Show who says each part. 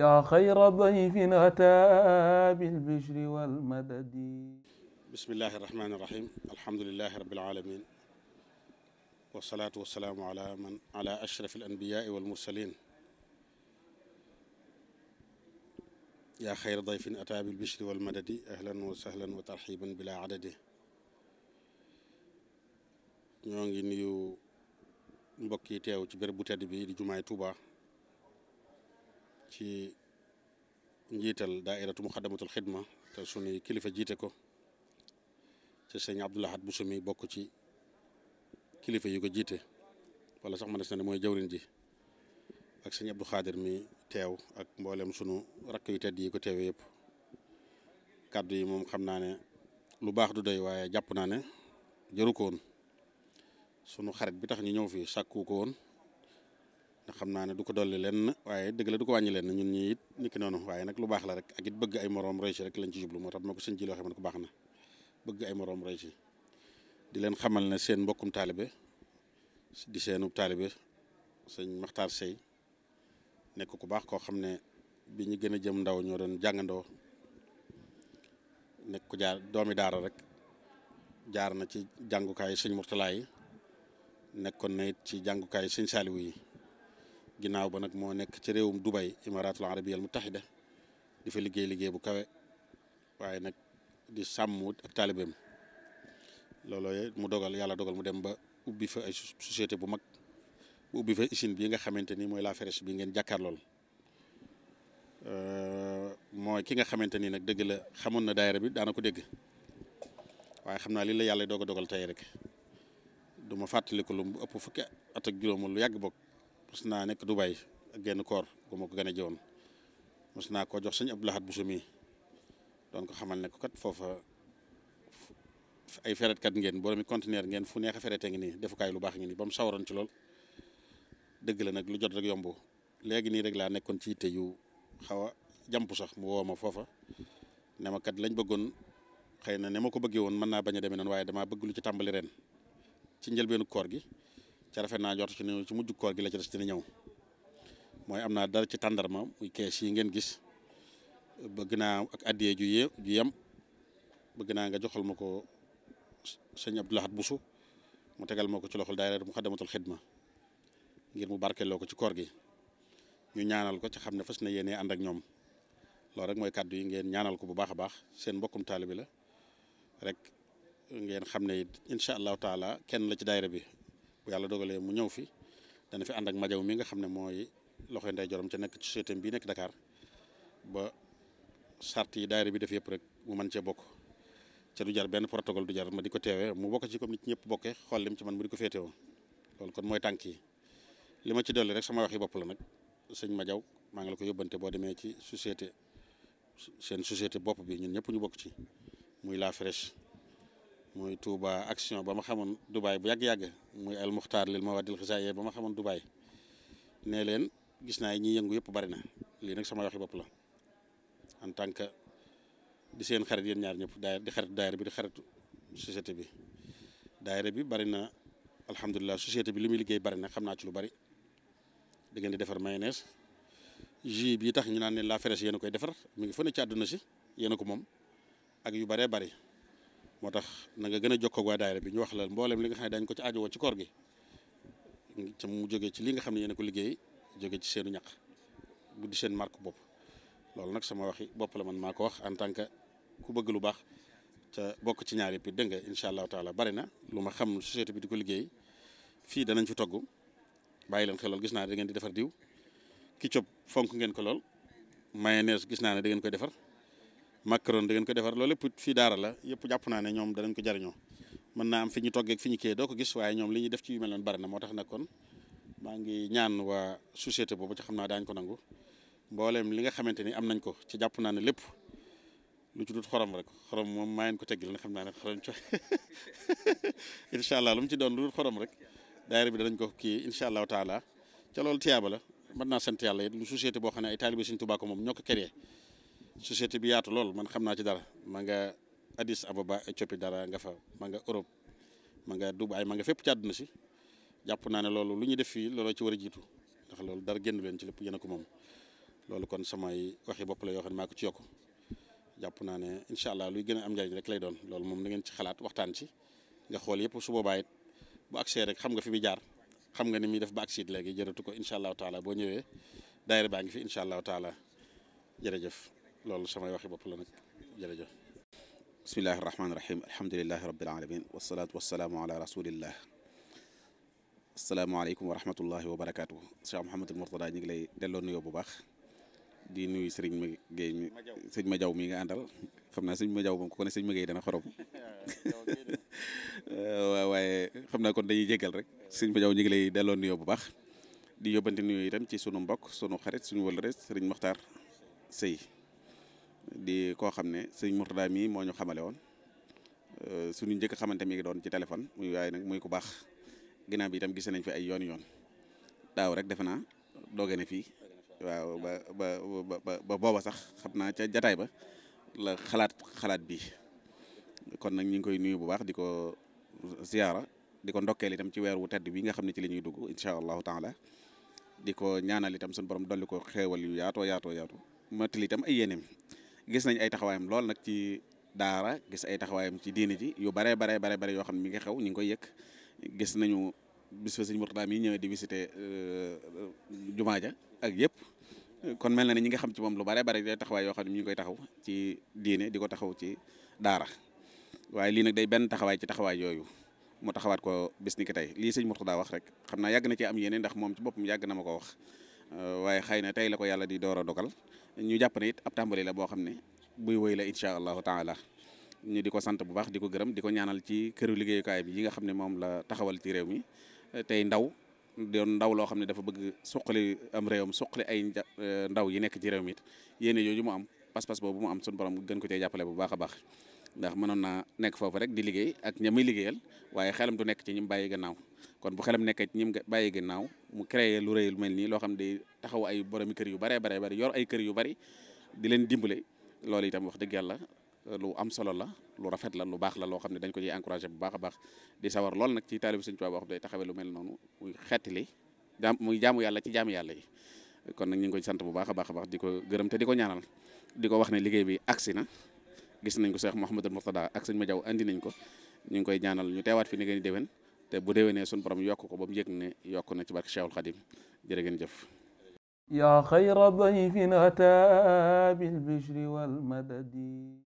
Speaker 1: yaa xayra dayfin ataa bil bishri wal madadi
Speaker 2: bismillahi rahmaani rahim alhamdulilahi rabbil aalamiin wasalaatu wasalaamu ala man ala ashraf al anbiyaai wal mursaliin yaa xayra dayfin ataa bil bishri wal madadi ahlan wa sahlan wa tarxiiban bilaa adadi ñoo ngi nuyu mbokk yi teew ci béréb bu tedd bi di jumaay Tuuba ci njiital daairatu muxaddamatul xidma te suñuy kilifa jiite ko ci sëñ Abdoulahat bu sumi bokk ci kilifa yi ko jiite wala sax mënees na ne mooy jawrin ji ak sëñ Abdou Xaadir mi teew ak mboolem sunu rakk yu tedd yi ko teew yëpp kàddu yi moom xam naa ne lu baax du doy waaye jàpp naa ne jëru ko sunu xarit bi tax ñu ñëw fii sàkku ko woon ndax xam naa ne du ko dolli leen waaye dëgg la du ko wàññi leen ñun ñi it niki noonu waaye nag lu baax la rek ak it bëgg ay moroom roy ci lañ ci jublu moo tax ma ko sëñ ji loo na bëgg ay moroom roy di leen xamal na seen mbokkum taalibe di seenu taalibe sëñ Maxtaar Sey nekk ku baax koo xam ne bi ñu gën a jëm ndaw ñoo doon jàngandoo nekk ku jaar doomi daara rek jaar na ci jàngukaay sëñ Murtala nekkoon na it ci jàngukaayu sëñ Saaliwu yi ginnaaw ba nag moo nekk ci réewum Dubai mu Arabiyal de di fa liggéey liggéey bu kawe waaye nag di sàmm ak taalibeem looloo mu dogal yàlla dogal mu dem ba ubbi fa ay société bu mag bu ubbi fa usine bi nga xamante ni mooy La Ferèche bi ngeen jàkkaarlool euh, mooy ki nga xamante ni nag dëgg la xamoon na daayira bi daana ko dégg waaye xam naa li la yàlla doog a dogal tey rek du ma fàttaliku lu ëpp fukki at ak lu yàgg bokk. mas naa nekk Dubai ak genn koor bu ma ko gën a jëwoon mas naa koo jox sëñ Abdou Lahad Bousso xamal ne ko kat foofa ay feretkat ngeen boroomi conteneur ngeen fu neex a ferete ngi defukaay lu baax ngi nii ba mu sawaroon ci lool dëgg la nag lu jot rek yombu léegi nii rek laa nekkoon ci yitte yu xaw a jàmp sax mu woo ma foofa ne ma kat lañ bëggoon xëy na ne ma ko bëggee woon mën naa bañ a demee waaye damaa bëgg lu ci tàmbali ren ci njëlbeenu koor gi ca rafet naa jot ci ne ci mujj koor gi la ci des dina ñëw mooy am naa dara ci tàndarma muy kees yi ngeen gis bëgg naa ak addiyee ju ju yem bëgg naa nga joxal ma ko sëñ Abdou Lahad Bousso mu tegal ma ko ci loxol daayira Muxaddamatul Xidma ngir mu barkeloo ko ci koor gi ñu ñaanal ko ci xam ne fas na yéenee ànd ak ñoom loolu rek mooy kàddu yi ngeen ñaanal ko bu baax a baax seen mbokkum taalibe la rek ngeen xam ne it incha allahu taala kenn la ci daayira bi yàlla dogalee mu ñëw fi dana fi ànd ak majaw mi nga xam ne mooy loxo ndeyjooram ca nekk ci société bii nekk dakaar ba sart yi daayira bi def yëpp rek mu mën cee bokk ca du jar benn protocole du jar ma di ko teewee mu bokk ci comme nit ñëpp bokkee xool lim ci man mu di ko féetewoo loolu kon mooy tànk yi li ma ci dolli rek sama waxi bopp la nag sëñ Majaw maa ngi la ko yóbbante boo demee ci société seen société bopp bi ñun ñëpp ñu bokk ci muy la fraîche mooy Touba action ba ma xamoon Dubaay bu yàgg-yàgg muy al muxtaar lil mawadil xisaaye ba ma xamoon Dubaay ne leen gis naa ñi yëngu yëpp bari na lii nag sama waxi bopp la en tant que di seen xarit yéen ñaar ñëpp daay di xaritu daayira bi di xaritu société bi daayira bi bari na alhamdulilah société bi li muy liggéey bari na xam naa ci lu bari da ngeen di defar mayonnaise jus bii tax ñu naan ne la fraîche yéen a koy defar mu ngi fële ci si yéen a ko moom ak yu baree bari. moo tax na nga gën a jokkoo ak waa daayira bi ñu wax la mboolem li nga xam ne daañu ko ci aajowoo ci koor gi ca mu jógee ci li nga xam ne ñeen ko liggéey jógee ci seenu ñaq bu di seen marque bopp loolu nag sama waxi bopp la man maa ko wax en tant que ku bëgg lu baax ca bokk ci ñaar yëpp dégg nga incha allahu taala bari na lu ma xam société bi di ko liggéey fii danañ fi togg bàyyi leen xel lool gis naa ne da ngeen di defar diw ki cob fonk ngeen ko lool mayonnaise gis naa ne da ngeen koy defar macaron da ngeen ko defar loolu lépp fii daara la yëpp jàpp naa ne ñoom danañ ko jariñoo mën naa am fi ñu toggee fi ñu kii doo ko gis waaye ñoom li ñuy def ci yu mel noonu moo tax nag kon maa ngi ñaan waa société boobu ci xam naa daañ ko nangu mbooleem li nga xamante ni am nañ ko ci jàpp naa ne lépp lu ci dut xorom rek xorom moom maa ngi ko teggil na xam naa ne xorom co incha allah lu mu ci doon lu dut xorom rek daayira bi danañ ko kii incha allahu taala ca loolu tiyaaba la mën naa sant yàlla it lu société boo xam ne ay taalibe Sëriñ Tuubaa moom ñoo ko créé société bi yaatu lool man xam naa ci dara ma nga Addis Ababa coppi dara nga fa ma nga Europe ma nga Dubaay ma nga fépp ci àdduna si jàpp naa ne loolu lu ñu def fii looloo ci war a jiitu ndax loolu dara génn leen ci lépp yéen a ko moom loolu kon samay waxi bopp la yoo xam ne maa ko ci yokk jàpp naa ne incha allah luy gën a am njariñ rek lay doon loolu moom na ngeen ci xalaat waxtaan ci nga xool yëpp su boobaa it bu rek xam nga fi muy jaar xam nga ni muy def ba agsi léegi jërëtu ko incha allahu taala boo ñëwee daayira baa ngi fi incha allahu taala loolu samay waxi bopp la nag
Speaker 1: jërëjëf bismillahi rahmaani rahim alhamdulilahi rabbil alamin wasalaatu wasalaamu ala rasulillah asalaamaaleykum wa rahmatullahi wa barakaatu Cheikh Mouhamadul Mourtada ñu ngi lay delloo nuyoo bu baax di nuyu sëriñ ma géey mi sëñ ma jaw mi nga àndal xam naa sëñ ma jaw moom ku ko ne sëñ ma géey dana xorom waaw waaye xam naa kon dañuy jégal rek sëñ ma jaw ñu ngi lay delloo nuyoo bu baax di yóbbante nuyoo itam ci sunu mbokk sunu xarit suñu wëlëre sëriñ Moxtaar Sëy di koo xam ne sëñ Mourtada mii moo ñu xamale woon euh, suñu njëkk xamante mi ngi doon ci téléphone muy waaye nag muy ku baax ginnaaw bi itam gis nañ fi ay yoon yoon daaw rek defe naa dooge na fii waaw ba ba booba sax xam naa ca jataay ba la xalaat xalaat bi kon nag ñu ngi koy nuyu bu baax di ko ziyaara di ko ndokkeel itam ci weer wu tedd bi nga xam ne ci la ñuy dugg incha allahu taala di ko ñaanal itam suñu borom dolli ko xeewal yu yaatoo yaatoo yaatu matal itam ay yéeneem gis nañ ay taxawaayam lool nag ci daara gis ay taxawaayam ci diini ji yu bare bare bare bare yoo xam ne mi ngi xew ñu ngi koy yëg gis nañu bis fa sëñ Murtada mi ñëwee di visité euh, jumaa ja ak yëpp kon mel na ne ñi nga xam ci moom lu bare bare day taxawaay yoo xam ne ñu ngi koy taxaw ci diine di ko taxaw ci daara waaye lii nag day benn taxawaay ci taxawaay yooyu mu taxawaat ko bis ni ki tey lii sëñ Murtada wax rek xam naa yàgg na ci am yéene ndax moom ci bopp boppam yàgg na ma ko wax Euh, waaye xëy na tey la ko yàlla di door a dogal ñu jàpp ne it ab tàmbali la boo xam ne buy woy la incha allahu taala ñu di ko sant bu baax di ko gërëm di ko ñaanal ci këru liggéeyukaay bi yi nga xam ne moom la taxawal ci réew mi tey ndaw doon ndaw loo xam ne dafa bëgg suqali am réewam suqali ay euh, ndaw yi nekk ci réew mi it yéene jooju mu am pas-pas boobu mu am suñu borom gën ko cee jàppale bu baax a baax ndax noon na nekk foofu rek di liggéey ak ña liggéeyal waaye xelam du nekk ci ñu mu bàyyi gannaaw kon bu xelam nekkee ci ñim bàyyi ginnaaw mu créé lu rëy lu mel nii loo xam day taxaw ay boromi kër yu bare bare bari yor ay kër yu bari di leen dimbale loolu itam wax dëgg yàlla lu am solo la lu rafet la lu baax la loo xam ne dañ ko ciy encouragé bu baax a baax di lool nag ci taalibu Sëñ Tuubaa boo xam day taxawee lu mel noonu muy xettali jaam muy jaamu yàlla ci jaamu yàlla yi kon nag ñu ngi koy sant bu baax a baax a baax di ko gërëm te di ko ñaanal di ko wax ne liggéey bi agsi na gis nañ ko Cheikh Mouhamadou Mourtada ak sëñ Madiaw andi nañ ko ñu ngi koy ñaanal ñu teewaat fi ni ngeen di te bu déwénee sunu borom yokku ko ba mu yëg yokk na ci barke Cheikhul Khadim jërë ngeen jëf yaa xayra dayfin ataa bil bishri wal